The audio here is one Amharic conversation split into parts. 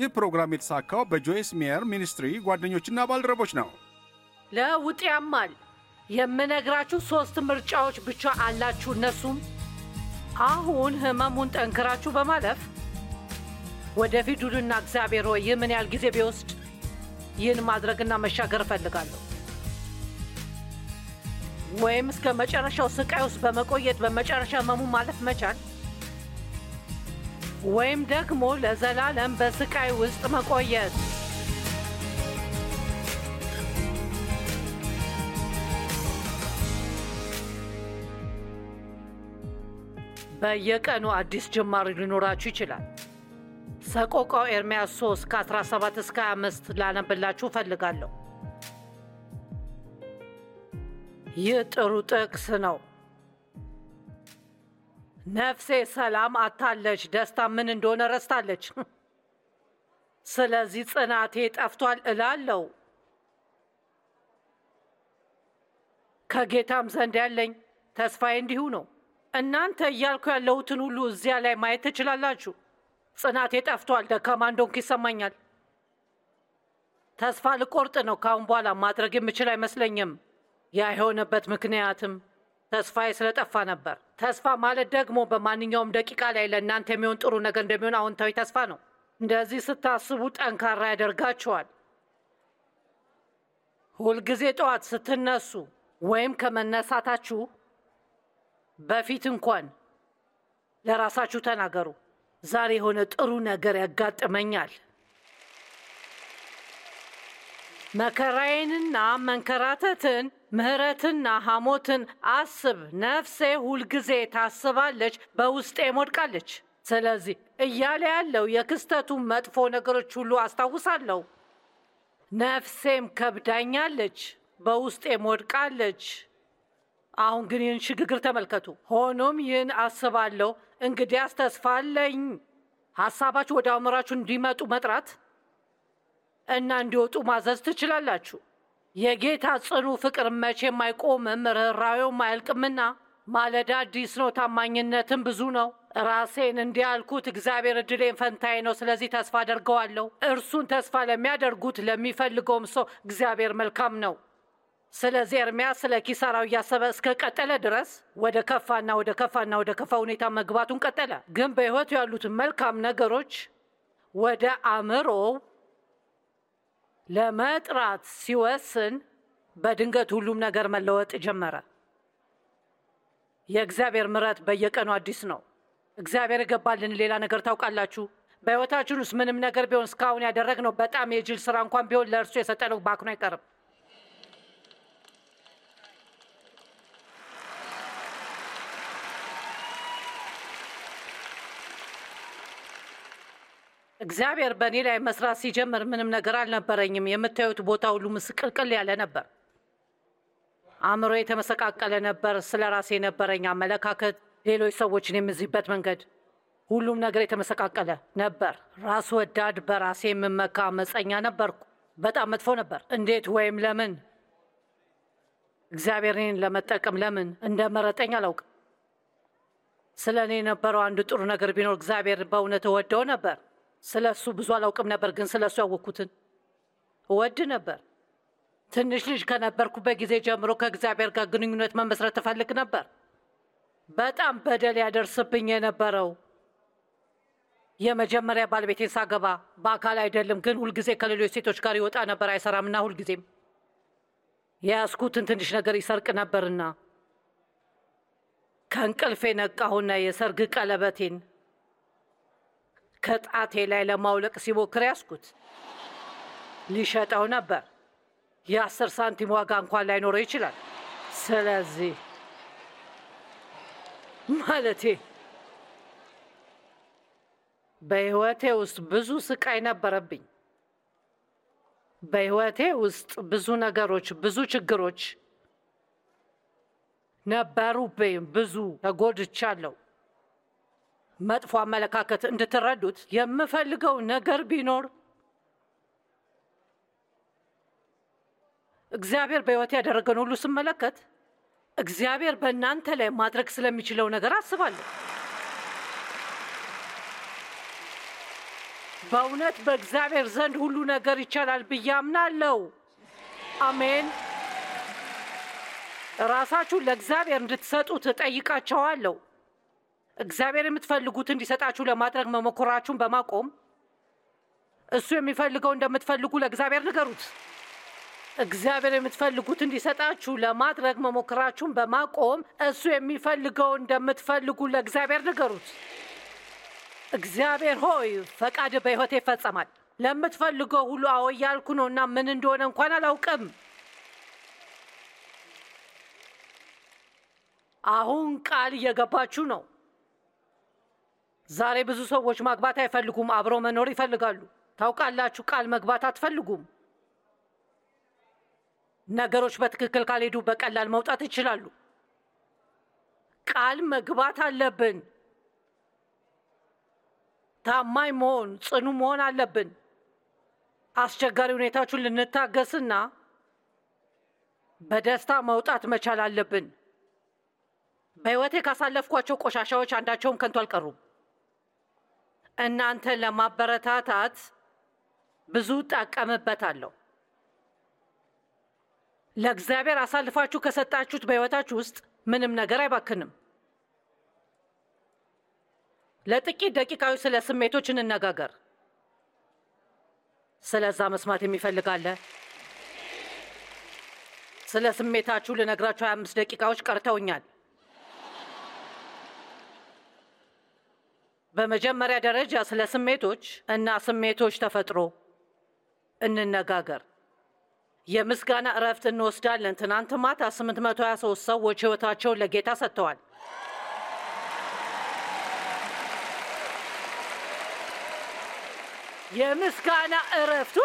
ይህ ፕሮግራም የተሳካው በጆይስ ሚየር ሚኒስትሪ ጓደኞችና ባልደረቦች ነው። ለውጥ ያማል። የምነግራችሁ ሶስት ምርጫዎች ብቻ አላችሁ። እነሱም አሁን ህመሙን ጠንክራችሁ በማለፍ ወደፊት ዱድና እግዚአብሔር ሆይ ይህ ምን ያህል ጊዜ ቢወስድ ይህን ማድረግና መሻገር እፈልጋለሁ፣ ወይም እስከ መጨረሻው ስቃይ ውስጥ በመቆየት በመጨረሻ ህመሙን ማለፍ መቻል ወይም ደግሞ ለዘላለም በስቃይ ውስጥ መቆየት። በየቀኑ አዲስ ጅማሪ ሊኖራችሁ ይችላል። ሰቆቃው ኤርምያስ 3 ከ17 እስከ 25 ላነብላችሁ እፈልጋለሁ። ይህ ጥሩ ጥቅስ ነው። ነፍሴ ሰላም አታለች። ደስታ ምን እንደሆነ ረስታለች። ስለዚህ ጽናቴ ጠፍቷል እላለሁ። ከጌታም ዘንድ ያለኝ ተስፋዬ እንዲሁ ነው። እናንተ እያልኩ ያለሁትን ሁሉ እዚያ ላይ ማየት ትችላላችሁ። ጽናቴ ጠፍቷል። ደካማ እንደሆንኩ ይሰማኛል። ተስፋ ልቆርጥ ነው። ካሁን በኋላ ማድረግ የምችል አይመስለኝም። ያ የሆነበት ምክንያትም ተስፋዬ ስለጠፋ ነበር። ተስፋ ማለት ደግሞ በማንኛውም ደቂቃ ላይ ለእናንተ የሚሆን ጥሩ ነገር እንደሚሆን አዎንታዊ ተስፋ ነው። እንደዚህ ስታስቡ ጠንካራ ያደርጋችኋል። ሁልጊዜ ጠዋት ስትነሱ ወይም ከመነሳታችሁ በፊት እንኳን ለራሳችሁ ተናገሩ፣ ዛሬ የሆነ ጥሩ ነገር ያጋጥመኛል። መከራዬንና መንከራተትን ምህረትና ሐሞትን አስብ። ነፍሴ ሁልጊዜ ታስባለች፣ በውስጤ ሞድቃለች። ስለዚህ እያለ ያለው የክስተቱን መጥፎ ነገሮች ሁሉ አስታውሳለሁ። ነፍሴም ከብዳኛለች፣ በውስጤ ሞድቃለች። አሁን ግን ይህን ሽግግር ተመልከቱ። ሆኖም ይህን አስባለሁ፣ እንግዲያስ ተስፋ አለኝ። ሐሳባችሁ ወደ አእምሯችሁ እንዲመጡ መጥራት እና እንዲወጡ ማዘዝ ትችላላችሁ። የጌታ ጽኑ ፍቅር መቼም አይቆምም፣ ርኅራኄውም አያልቅምና። ማለዳ አዲስ ነው፣ ታማኝነትም ብዙ ነው። ራሴን እንዲህ እግዚአብሔር እድሌን ፈንታዬ ነው፣ ስለዚህ ተስፋ አደርገዋለሁ። እርሱን ተስፋ ለሚያደርጉት ለሚፈልገውም ሰው እግዚአብሔር መልካም ነው። ስለዚህ ኤርምያስ ስለ ኪሳራው እያሰበ እስከ ቀጠለ ድረስ ወደ ከፋና ወደ ከፋና ወደ ከፋ ሁኔታ መግባቱን ቀጠለ። ግን በሕይወቱ ያሉት መልካም ነገሮች ወደ አእምሮው ለመጥራት ሲወስን በድንገት ሁሉም ነገር መለወጥ ጀመረ። የእግዚአብሔር ምረት በየቀኑ አዲስ ነው። እግዚአብሔር የገባልን ሌላ ነገር ታውቃላችሁ? በሕይወታችን ውስጥ ምንም ነገር ቢሆን እስካሁን ያደረግነው በጣም የጅል ስራ እንኳን ቢሆን ለእርሱ የሰጠነው ባክኖ አይቀርም። እግዚአብሔር በእኔ ላይ መስራት ሲጀምር ምንም ነገር አልነበረኝም። የምታዩት ቦታ ሁሉ ምስቅልቅል ያለ ነበር። አእምሮ የተመሰቃቀለ ነበር። ስለ ራሴ የነበረኝ አመለካከት፣ ሌሎች ሰዎችን የምዝበት መንገድ፣ ሁሉም ነገር የተመሰቃቀለ ነበር። ራስ ወዳድ፣ በራሴ የምመካ መፀኛ ነበርኩ። በጣም መጥፎ ነበር። እንዴት ወይም ለምን እግዚአብሔር ለመጠቀም ለምን እንደ መረጠኝ አላውቅም። ስለ እኔ የነበረው አንድ ጥሩ ነገር ቢኖር እግዚአብሔር በእውነት ወደው ነበር። ስለ እሱ ብዙ አላውቅም ነበር፣ ግን ስለ እሱ ያወቅኩትን እወድ ነበር። ትንሽ ልጅ ከነበርኩበት ጊዜ ጀምሮ ከእግዚአብሔር ጋር ግንኙነት መመስረት እፈልግ ነበር። በጣም በደል ያደርስብኝ የነበረው የመጀመሪያ ባለቤቴን ሳገባ በአካል አይደለም፣ ግን ሁልጊዜ ከሌሎች ሴቶች ጋር ይወጣ ነበር። አይሰራምና ሁልጊዜም የያዝኩትን ትንሽ ነገር ይሰርቅ ነበርና ከእንቅልፌ ነቃሁና የሰርግ ቀለበቴን ከጣቴ ላይ ለማውለቅ ሲሞክር ያስኩት። ሊሸጠው ነበር። የአስር ሳንቲም ዋጋ እንኳን ላይኖረው ይችላል። ስለዚህ ማለቴ በህይወቴ ውስጥ ብዙ ስቃይ ነበረብኝ። በህይወቴ ውስጥ ብዙ ነገሮች፣ ብዙ ችግሮች ነበሩብኝ። ብዙ ተጎድቻለሁ። መጥፎ አመለካከት እንድትረዱት የምፈልገው ነገር ቢኖር እግዚአብሔር በሕይወት ያደረገን ሁሉ ስመለከት እግዚአብሔር በእናንተ ላይ ማድረግ ስለሚችለው ነገር አስባለሁ። በእውነት በእግዚአብሔር ዘንድ ሁሉ ነገር ይቻላል ብዬ አምናለሁ። አሜን። ራሳችሁን ለእግዚአብሔር እንድትሰጡት እጠይቃቸዋለሁ። እግዚአብሔር የምትፈልጉት እንዲሰጣችሁ ለማድረግ መሞከራችሁን በማቆም እሱ የሚፈልገው እንደምትፈልጉ ለእግዚአብሔር ንገሩት። እግዚአብሔር የምትፈልጉት እንዲሰጣችሁ ለማድረግ መሞከራችሁን በማቆም እሱ የሚፈልገው እንደምትፈልጉ ለእግዚአብሔር ንገሩት። እግዚአብሔር ሆይ ፈቃድ በሕይወቴ ይፈጸማል። ለምትፈልገው ሁሉ አዎ እያልኩ ነው እና ምን እንደሆነ እንኳን አላውቅም። አሁን ቃል እየገባችሁ ነው። ዛሬ ብዙ ሰዎች ማግባት አይፈልጉም፣ አብሮ መኖር ይፈልጋሉ። ታውቃላችሁ፣ ቃል መግባት አትፈልጉም። ነገሮች በትክክል ካልሄዱ በቀላል መውጣት ይችላሉ። ቃል መግባት አለብን። ታማኝ መሆን፣ ጽኑ መሆን አለብን። አስቸጋሪ ሁኔታችሁን ልንታገስና በደስታ መውጣት መቻል አለብን። በሕይወቴ ካሳለፍኳቸው ቆሻሻዎች አንዳቸውም ከንቱ አልቀሩም። እናንተን ለማበረታታት ብዙ ጠቀምበታለሁ። ለእግዚአብሔር አሳልፋችሁ ከሰጣችሁት በሕይወታችሁ ውስጥ ምንም ነገር አይባክንም። ለጥቂት ደቂቃዎች ስለ ስሜቶች እንነጋገር። ስለዛ መስማት የሚፈልጋለ ስለ ስሜታችሁ ልነግራችሁ ሀያ አምስት ደቂቃዎች ቀርተውኛል። በመጀመሪያ ደረጃ ስለ ስሜቶች እና ስሜቶች ተፈጥሮ እንነጋገር። የምስጋና እረፍት እንወስዳለን። ትናንት ማታ 823 ሰዎች ሕይወታቸውን ለጌታ ሰጥተዋል። የምስጋና እረፍት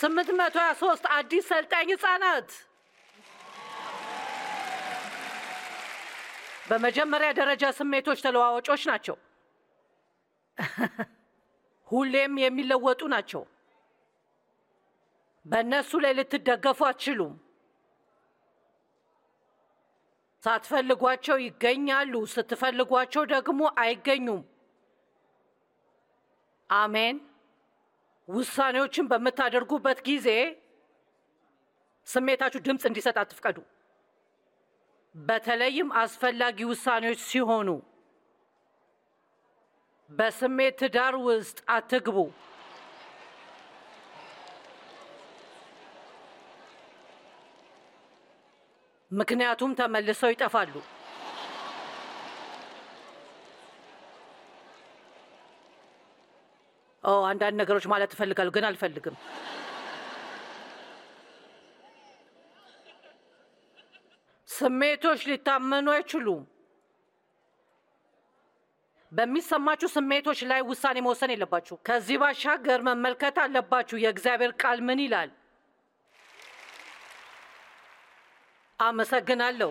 ስምንት መቶ ሶስት አዲስ ሰልጣኝ ህጻናት በመጀመሪያ ደረጃ ስሜቶች ተለዋዋጮች ናቸው። ሁሌም የሚለወጡ ናቸው። በእነሱ ላይ ልትደገፉ አትችሉም። ሳትፈልጓቸው ይገኛሉ፣ ስትፈልጓቸው ደግሞ አይገኙም። አሜን። ውሳኔዎችን በምታደርጉበት ጊዜ ስሜታችሁ ድምፅ እንዲሰጥ አትፍቀዱ። በተለይም አስፈላጊ ውሳኔዎች ሲሆኑ በስሜት ትዳር ውስጥ አትግቡ። ምክንያቱም ተመልሰው ይጠፋሉ። አንዳንድ ነገሮች ማለት እፈልጋለሁ፣ ግን አልፈልግም። ስሜቶች ሊታመኑ አይችሉም። በሚሰማችሁ ስሜቶች ላይ ውሳኔ መወሰን የለባችሁ። ከዚህ ባሻገር መመልከት አለባችሁ። የእግዚአብሔር ቃል ምን ይላል? አመሰግናለሁ።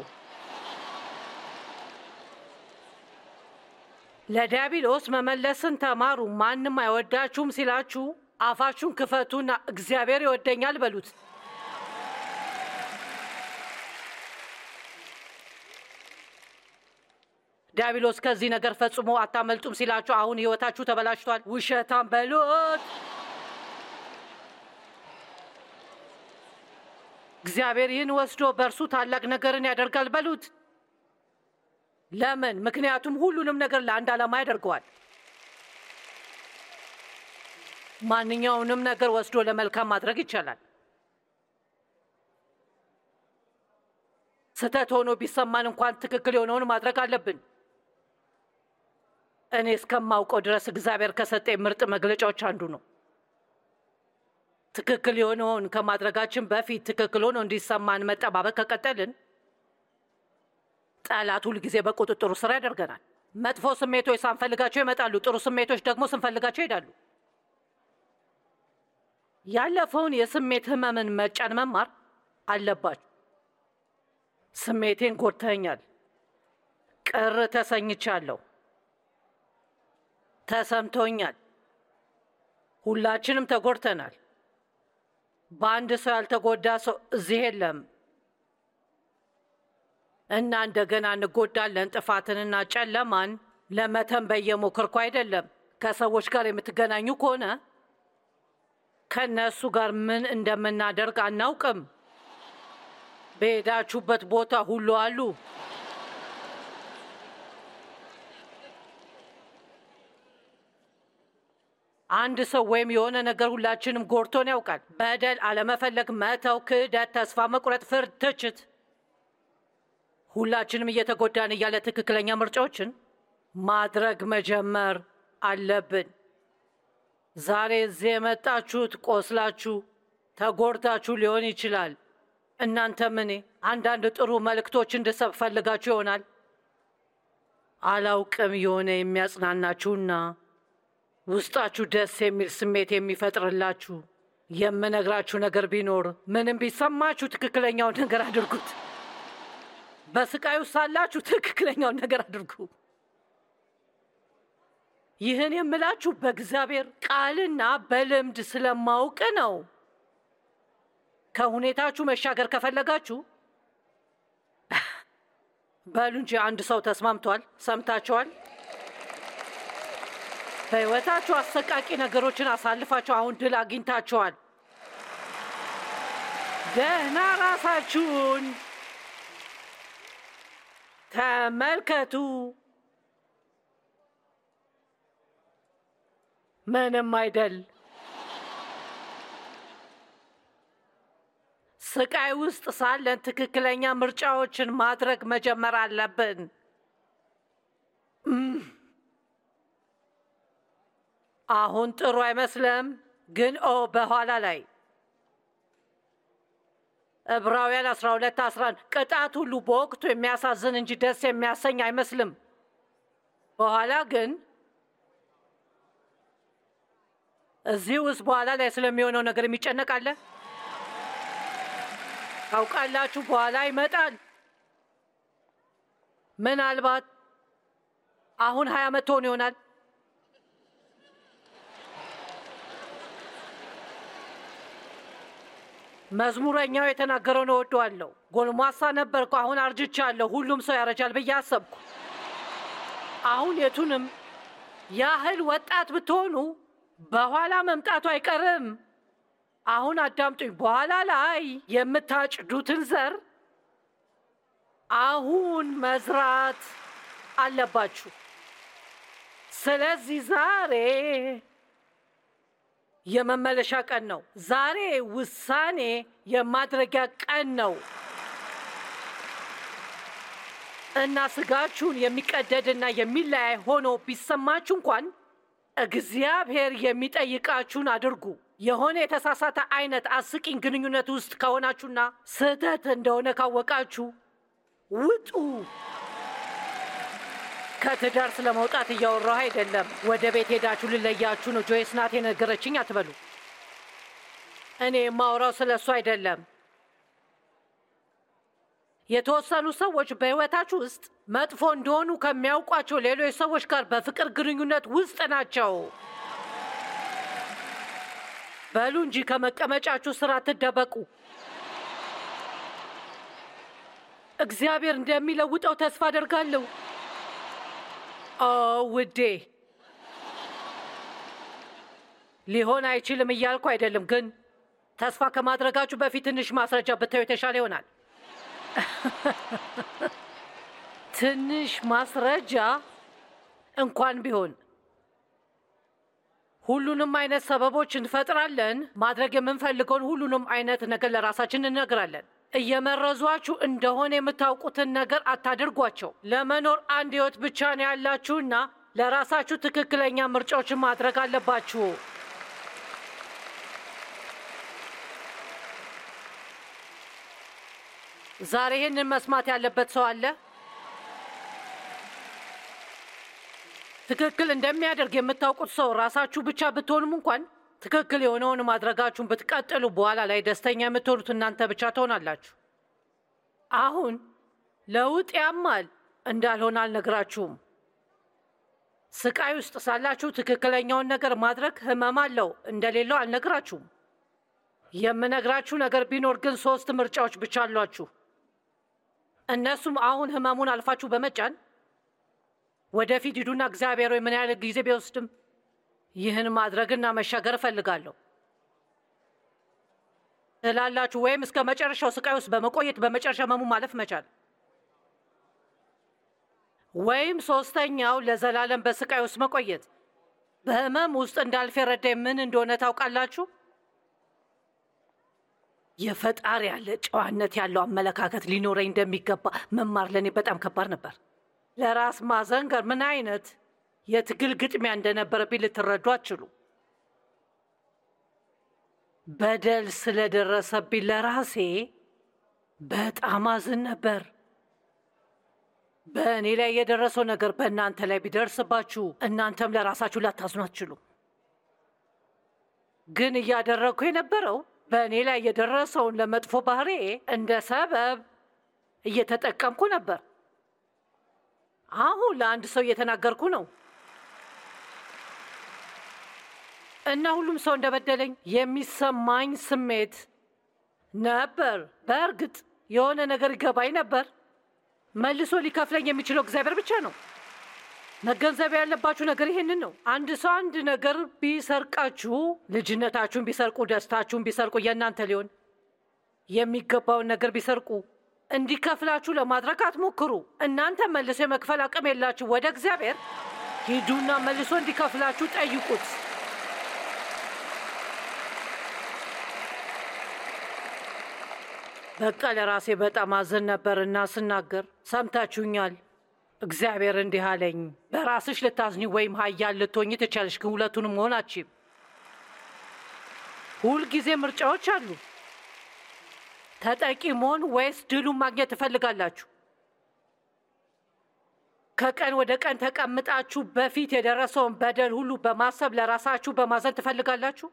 ለዲያብሎስ መመለስን ተማሩ። ማንም አይወዳችሁም ሲላችሁ አፋችሁን ክፈቱና እግዚአብሔር ይወደኛል በሉት። ዲያብሎስ ከዚህ ነገር ፈጽሞ አታመልጡም ሲላችሁ አሁን ህይወታችሁ ተበላሽቷል፣ ውሸታም በሉት። እግዚአብሔር ይህን ወስዶ በእርሱ ታላቅ ነገርን ያደርጋል በሉት። ለምን? ምክንያቱም ሁሉንም ነገር ለአንድ ዓላማ ያደርገዋል። ማንኛውንም ነገር ወስዶ ለመልካም ማድረግ ይቻላል። ስህተት ሆኖ ቢሰማን እንኳን ትክክል የሆነውን ማድረግ አለብን። እኔ እስከማውቀው ድረስ እግዚአብሔር ከሰጠኝ ምርጥ መግለጫዎች አንዱ ነው። ትክክል የሆነውን ከማድረጋችን በፊት ትክክል ሆኖ እንዲሰማን መጠባበቅ ከቀጠልን ጠላት ሁልጊዜ በቁጥጥሩ ስር ያደርገናል። መጥፎ ስሜቶች ሳንፈልጋቸው ይመጣሉ፣ ጥሩ ስሜቶች ደግሞ ስንፈልጋቸው ይሄዳሉ። ያለፈውን የስሜት ህመምን መጫን መማር አለባችሁ። ስሜቴን ጎድተኛል፣ ቅር ተሰኝቻለሁ፣ ተሰምቶኛል። ሁላችንም ተጎድተናል። በአንድ ሰው ያልተጎዳ ሰው እዚህ የለም። እና እንደገና እንጎዳለን። ጥፋትንና ጨለማን ለመተንበይ የሞከርኩ አይደለም። ከሰዎች ጋር የምትገናኙ ከሆነ ከነሱ ጋር ምን እንደምናደርግ አናውቅም። በሄዳችሁበት ቦታ ሁሉ አሉ። አንድ ሰው ወይም የሆነ ነገር ሁላችንም ጎርቶን ያውቃል። በደል፣ አለመፈለግ፣ መተው፣ ክህደት፣ ተስፋ መቁረጥ፣ ፍርድ፣ ትችት ሁላችንም እየተጎዳን እያለ ትክክለኛ ምርጫዎችን ማድረግ መጀመር አለብን። ዛሬ እዚህ የመጣችሁት ቆስላችሁ ተጎድታችሁ ሊሆን ይችላል። እናንተም እኔ አንዳንድ ጥሩ መልእክቶች እንድሰብ ፈልጋችሁ ይሆናል። አላውቅም፣ የሆነ የሚያጽናናችሁና ውስጣችሁ ደስ የሚል ስሜት የሚፈጥርላችሁ የምነግራችሁ ነገር ቢኖር ምንም ቢሰማችሁ ትክክለኛውን ነገር አድርጉት። በስቃይ ውስጥ ሳላችሁ ትክክለኛውን ነገር አድርጉ። ይህን የምላችሁ በእግዚአብሔር ቃልና በልምድ ስለማውቅ ነው። ከሁኔታችሁ መሻገር ከፈለጋችሁ በሉ እንጂ አንድ ሰው ተስማምቷል። ሰምታችኋል። በሕይወታችሁ አሰቃቂ ነገሮችን አሳልፋችሁ አሁን ድል አግኝታችኋል። ደህና ራሳችሁን ተመልከቱ። ምንም አይደል። ስቃይ ውስጥ ሳለን ትክክለኛ ምርጫዎችን ማድረግ መጀመር አለብን። አሁን ጥሩ አይመስልም፣ ግን ኦ በኋላ ላይ ዕብራውያን 12 11 ቅጣት ሁሉ በወቅቱ የሚያሳዝን እንጂ ደስ የሚያሰኝ አይመስልም። በኋላ ግን እዚህ ውስጥ በኋላ ላይ ስለሚሆነው ነገር የሚጨነቃለ ታውቃላችሁ፣ በኋላ ይመጣል። ምናልባት አሁን ሀያ ዓመት ሆኖ ይሆናል መዝሙረኛው የተናገረውን እወደዋለሁ። ጎልማሳ ነበርኩ፣ አሁን አርጅቻለሁ። ሁሉም ሰው ያረጃል ብዬ አሰብኩ። አሁን የቱንም ያህል ወጣት ብትሆኑ በኋላ መምጣቱ አይቀርም። አሁን አዳምጡኝ። በኋላ ላይ የምታጭዱትን ዘር አሁን መዝራት አለባችሁ። ስለዚህ ዛሬ የመመለሻ ቀን ነው። ዛሬ ውሳኔ የማድረጊያ ቀን ነው እና ስጋችሁን የሚቀደድና የሚለያይ ሆኖ ቢሰማችሁ እንኳን እግዚአብሔር የሚጠይቃችሁን አድርጉ። የሆነ የተሳሳተ አይነት አስቂኝ ግንኙነት ውስጥ ከሆናችሁና ስህተት እንደሆነ ካወቃችሁ ውጡ። ከትዳር ስለመውጣት እያወራሁ አይደለም። ወደ ቤት ሄዳችሁ ልለያችሁ ነው ጆይስ ናት የነገረችኝ አትበሉ። እኔ የማውራው ስለ እሱ አይደለም። የተወሰኑ ሰዎች በሕይወታችሁ ውስጥ መጥፎ እንደሆኑ ከሚያውቋቸው ሌሎች ሰዎች ጋር በፍቅር ግንኙነት ውስጥ ናቸው። በሉ እንጂ ከመቀመጫችሁ ስራ ትደበቁ። እግዚአብሔር እንደሚለውጠው ተስፋ አደርጋለሁ። ውዴ ሊሆን አይችልም እያልኩ አይደለም፣ ግን ተስፋ ከማድረጋችሁ በፊት ትንሽ ማስረጃ ብታዩ የተሻለ ይሆናል። ትንሽ ማስረጃ እንኳን ቢሆን ሁሉንም አይነት ሰበቦች እንፈጥራለን። ማድረግ የምንፈልገውን ሁሉንም አይነት ነገር ለራሳችን እንነግራለን። እየመረዟችሁ እንደሆነ የምታውቁትን ነገር አታድርጓቸው። ለመኖር አንድ ህይወት ብቻ ነው ያላችሁና ለራሳችሁ ትክክለኛ ምርጫዎችን ማድረግ አለባችሁ። ዛሬ ይህንን መስማት ያለበት ሰው አለ? ትክክል እንደሚያደርግ የምታውቁት ሰው ራሳችሁ ብቻ ብትሆኑም እንኳን ትክክል የሆነውን ማድረጋችሁን ብትቀጥሉ በኋላ ላይ ደስተኛ የምትሆኑት እናንተ ብቻ ትሆናላችሁ። አሁን ለውጥ ያማል እንዳልሆነ አልነግራችሁም። ስቃይ ውስጥ ሳላችሁ ትክክለኛውን ነገር ማድረግ ህመም አለው እንደሌለው አልነግራችሁም። የምነግራችሁ ነገር ቢኖር ግን ሶስት ምርጫዎች ብቻ አሏችሁ። እነሱም አሁን ህመሙን አልፋችሁ በመጫን ወደፊት ሂዱና እግዚአብሔር ምን ያህል ጊዜ ቢወስድም ይህን ማድረግና መሻገር እፈልጋለሁ ትላላችሁ ወይም እስከ መጨረሻው ስቃይ ውስጥ በመቆየት በመጨረሻ መሙ ማለፍ መቻል ወይም ሶስተኛው ለዘላለም በስቃይ ውስጥ መቆየት። በህመም ውስጥ እንዳልፍ የረዳኝ ምን እንደሆነ ታውቃላችሁ? የፈጣሪ ያለ ጨዋነት ያለው አመለካከት ሊኖረኝ እንደሚገባ መማር ለእኔ በጣም ከባድ ነበር። ለራስ ማዘንገር ምን አይነት የትግል ግጥሚያ እንደነበረብኝ ልትረዱ አችሉ። በደል ስለደረሰብኝ ለራሴ በጣም አዝን ነበር። በእኔ ላይ የደረሰው ነገር በእናንተ ላይ ቢደርስባችሁ እናንተም ለራሳችሁ ላታዝኑ አትችሉ። ግን እያደረግኩ የነበረው በእኔ ላይ የደረሰውን ለመጥፎ ባህሬ እንደ ሰበብ እየተጠቀምኩ ነበር። አሁን ለአንድ ሰው እየተናገርኩ ነው። እና ሁሉም ሰው እንደበደለኝ የሚሰማኝ ስሜት ነበር። በእርግጥ የሆነ ነገር ይገባኝ ነበር። መልሶ ሊከፍለኝ የሚችለው እግዚአብሔር ብቻ ነው። መገንዘብ ያለባችሁ ነገር ይህንን ነው። አንድ ሰው አንድ ነገር ቢሰርቃችሁ፣ ልጅነታችሁን ቢሰርቁ፣ ደስታችሁን ቢሰርቁ፣ የእናንተ ሊሆን የሚገባውን ነገር ቢሰርቁ እንዲከፍላችሁ ለማድረግ አትሞክሩ። እናንተ መልሶ የመክፈል አቅም የላችሁ። ወደ እግዚአብሔር ሂዱና መልሶ እንዲከፍላችሁ ጠይቁት። በቃ ለራሴ በጣም አዘን ነበርና ስናገር ሰምታችሁኛል። እግዚአብሔር እንዲህ አለኝ፣ በራስሽ ልታዝኝ ወይም ሀያል ልትሆኝ ትቻለሽ፣ ግን ሁለቱንም መሆን አችም። ሁልጊዜ ምርጫዎች አሉ። ተጠቂ መሆን ወይስ ድሉን ማግኘት ትፈልጋላችሁ? ከቀን ወደ ቀን ተቀምጣችሁ በፊት የደረሰውን በደል ሁሉ በማሰብ ለራሳችሁ በማዘን ትፈልጋላችሁ?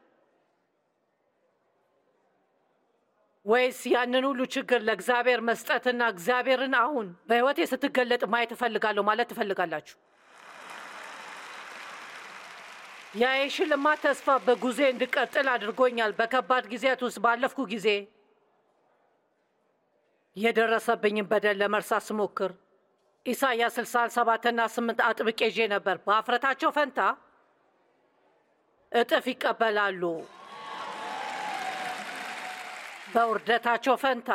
ወይስ ያንን ሁሉ ችግር ለእግዚአብሔር መስጠትና እግዚአብሔርን አሁን በሕይወቴ ስትገለጥ ማየት እፈልጋለሁ ማለት ትፈልጋላችሁ? ያ የሽልማት ተስፋ በጉዜ እንድቀጥል አድርጎኛል። በከባድ ጊዜያት ውስጥ ባለፍኩ ጊዜ የደረሰብኝን በደል ለመርሳት ስሞክር ኢሳያስ 67ና 8 አጥብቄ ይዤ ነበር። በአፍረታቸው ፈንታ እጥፍ ይቀበላሉ። በውርደታቸው ፈንታ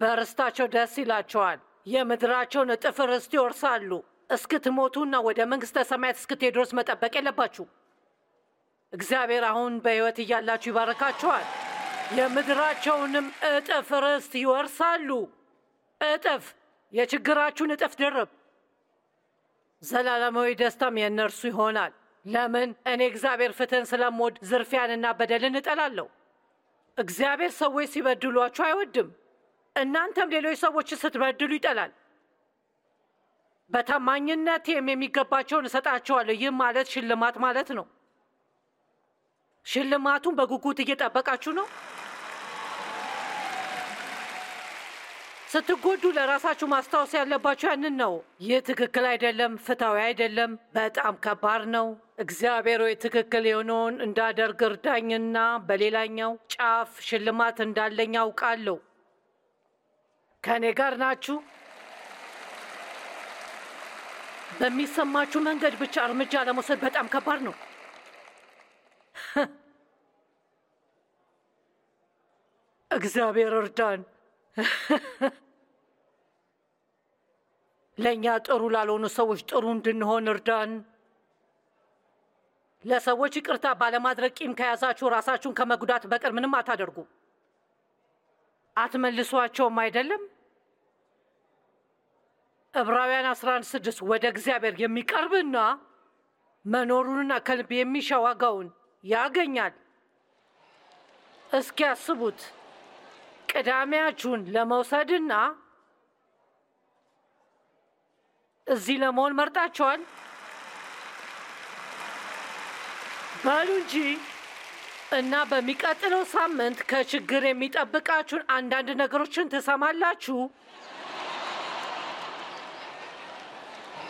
በርስታቸው ደስ ይላቸዋል። የምድራቸውን እጥፍ ርስት ይወርሳሉ። እስክትሞቱና ወደ መንግሥተ ሰማያት እስክትሄዱ ድረስ መጠበቅ የለባችሁ። እግዚአብሔር አሁን በሕይወት እያላችሁ ይባረካችኋል። የምድራቸውንም እጥፍ ርስት ይወርሳሉ። እጥፍ የችግራችሁን እጥፍ ድርብ ዘላለማዊ ደስታም የእነርሱ ይሆናል። ለምን? እኔ እግዚአብሔር ፍትህን ስለምወድ ዝርፊያንና በደልን እጠላለሁ። እግዚአብሔር ሰዎች ሲበድሏችሁ አይወድም። እናንተም ሌሎች ሰዎች ስትበድሉ ይጠላል። በታማኝነቴም የሚገባቸውን እሰጣቸዋለሁ። ይህም ማለት ሽልማት ማለት ነው። ሽልማቱን በጉጉት እየጠበቃችሁ ነው። ስትጎዱ ለራሳችሁ ማስታወስ ያለባችሁ ያንን ነው። ይህ ትክክል አይደለም፣ ፍትሐዊ አይደለም፣ በጣም ከባድ ነው። እግዚአብሔር ወይ ትክክል የሆነውን እንዳደርግ እርዳኝና በሌላኛው ጫፍ ሽልማት እንዳለኝ አውቃለሁ። ከእኔ ጋር ናችሁ። በሚሰማችሁ መንገድ ብቻ እርምጃ ለመውሰድ በጣም ከባድ ነው። እግዚአብሔር እርዳን። ለእኛ ጥሩ ላልሆኑ ሰዎች ጥሩ እንድንሆን እርዳን። ለሰዎች ይቅርታ ባለማድረግ ቂም ከያዛችሁ ራሳችሁን ከመጉዳት በቀር ምንም አታደርጉ። አትመልሷቸውም አይደለም? ዕብራውያን 11፥6 ወደ እግዚአብሔር የሚቀርብና መኖሩንና ከልብ የሚሻ ዋጋውን ያገኛል። እስኪ አስቡት። ቅዳሜያችሁን ለመውሰድና እዚህ ለመሆን መርጣችኋል። በሉ እንጂ እና በሚቀጥለው ሳምንት ከችግር የሚጠብቃችሁን አንዳንድ ነገሮችን ትሰማላችሁ።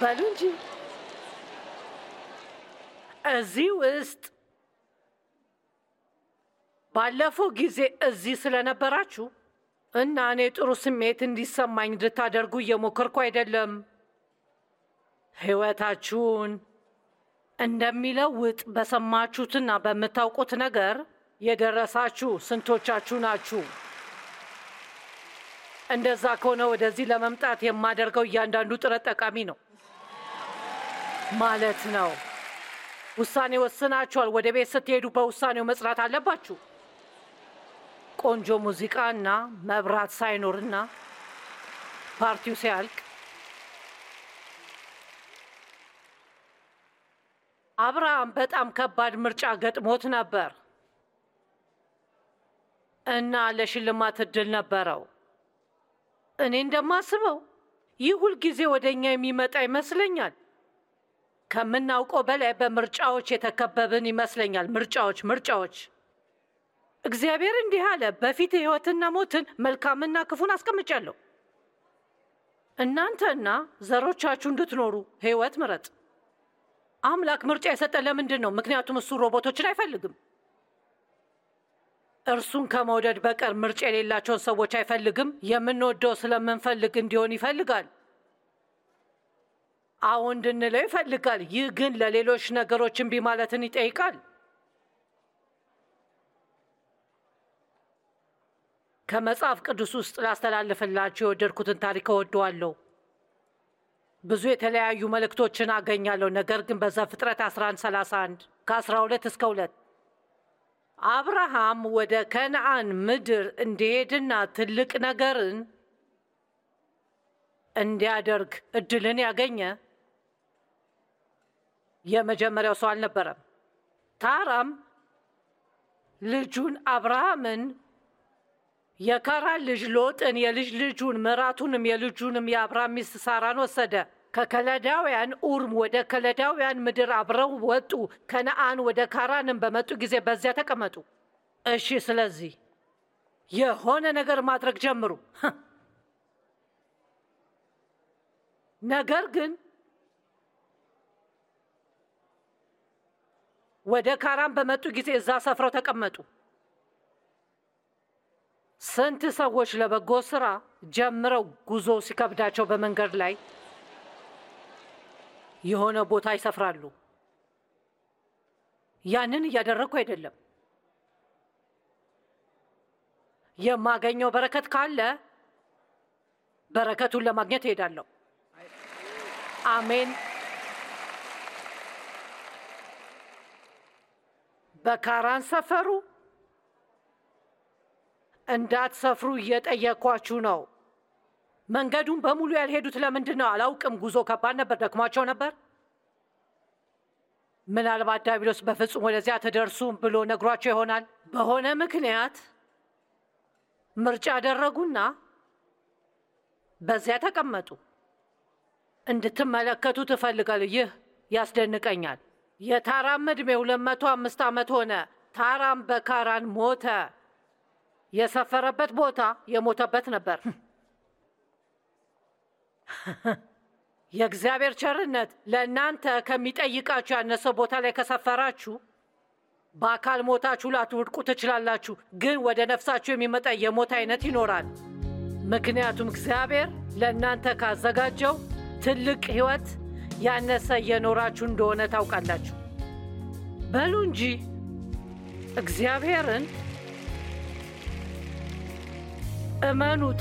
በሉ እንጂ እዚህ ውስጥ ባለፈው ጊዜ እዚህ ስለነበራችሁ እና እኔ ጥሩ ስሜት እንዲሰማኝ እንድታደርጉ እየሞከርኩ አይደለም። ሕይወታችሁን እንደሚለውጥ በሰማችሁትና በምታውቁት ነገር የደረሳችሁ ስንቶቻችሁ ናችሁ? እንደዛ ከሆነ ወደዚህ ለመምጣት የማደርገው እያንዳንዱ ጥረት ጠቃሚ ነው ማለት ነው። ውሳኔ ወስናችኋል። ወደ ቤት ስትሄዱ በውሳኔው መጽናት አለባችሁ። ቆንጆ ሙዚቃ እና መብራት ሳይኖርና ፓርቲው ሲያልቅ አብርሃም በጣም ከባድ ምርጫ ገጥሞት ነበር እና ለሽልማት እድል ነበረው። እኔ እንደማስበው ይህ ሁልጊዜ ወደ እኛ የሚመጣ ይመስለኛል። ከምናውቀው በላይ በምርጫዎች የተከበብን ይመስለኛል። ምርጫዎች ምርጫዎች እግዚአብሔር እንዲህ አለ፣ በፊት ሕይወትና ሞትን መልካምና ክፉን አስቀምጫለሁ፣ እናንተና ዘሮቻችሁ እንድትኖሩ ሕይወት ምረጥ። አምላክ ምርጫ የሰጠ ለምንድን ነው? ምክንያቱም እሱ ሮቦቶችን አይፈልግም። እርሱን ከመውደድ በቀር ምርጫ የሌላቸውን ሰዎች አይፈልግም። የምንወደው ስለምንፈልግ እንዲሆን ይፈልጋል። አዎ እንድንለው ይፈልጋል። ይህ ግን ለሌሎች ነገሮች እምቢ ማለትን ይጠይቃል። ከመጽሐፍ ቅዱስ ውስጥ ላስተላልፍላችሁ የወደድኩትን ታሪክ እወደዋለሁ። ብዙ የተለያዩ መልእክቶችን አገኛለሁ። ነገር ግን በዘፍጥረት 1131 ከ12 እስከ 2 አብርሃም ወደ ከነአን ምድር እንዲሄድና ትልቅ ነገርን እንዲያደርግ እድልን ያገኘ የመጀመሪያው ሰው አልነበረም። ታራም ልጁን አብርሃምን የካራን ልጅ ሎጥን የልጅ ልጁን ምራቱንም የልጁንም የአብራም ሚስት ሳራን ወሰደ። ከከለዳውያን ኡርም ወደ ከለዳውያን ምድር አብረው ወጡ። ከነአን ወደ ካራንም በመጡ ጊዜ በዚያ ተቀመጡ። እሺ፣ ስለዚህ የሆነ ነገር ማድረግ ጀምሩ። ነገር ግን ወደ ካራን በመጡ ጊዜ እዛ ሰፍረው ተቀመጡ። ስንት ሰዎች ለበጎ ስራ ጀምረው ጉዞ ሲከብዳቸው በመንገድ ላይ የሆነ ቦታ ይሰፍራሉ። ያንን እያደረግኩ አይደለም። የማገኘው በረከት ካለ በረከቱን ለማግኘት እሄዳለሁ። አሜን። በካራን ሰፈሩ እንዳትሰፍሩ እየጠየኳችሁ ነው። መንገዱን በሙሉ ያልሄዱት ለምንድን ነው አላውቅም። ጉዞ ከባድ ነበር፣ ደክሟቸው ነበር። ምናልባት ዳቢሎስ በፍጹም ወደዚያ አትደርሱም ብሎ ነግሯቸው ይሆናል። በሆነ ምክንያት ምርጫ አደረጉና በዚያ ተቀመጡ። እንድትመለከቱት ትፈልጋል። ይህ ያስደንቀኛል። የታራም ዕድሜ ሁለት መቶ አምስት ዓመት ሆነ። ታራም በካራን ሞተ። የሰፈረበት ቦታ የሞተበት ነበር። የእግዚአብሔር ቸርነት ለእናንተ ከሚጠይቃችሁ ያነሰ ቦታ ላይ ከሰፈራችሁ በአካል ሞታችሁ ላትወድቁ ትችላላችሁ፣ ግን ወደ ነፍሳችሁ የሚመጣ የሞት አይነት ይኖራል። ምክንያቱም እግዚአብሔር ለእናንተ ካዘጋጀው ትልቅ ሕይወት ያነሰ እየኖራችሁ እንደሆነ ታውቃላችሁ። በሉ እንጂ እግዚአብሔርን أمانوت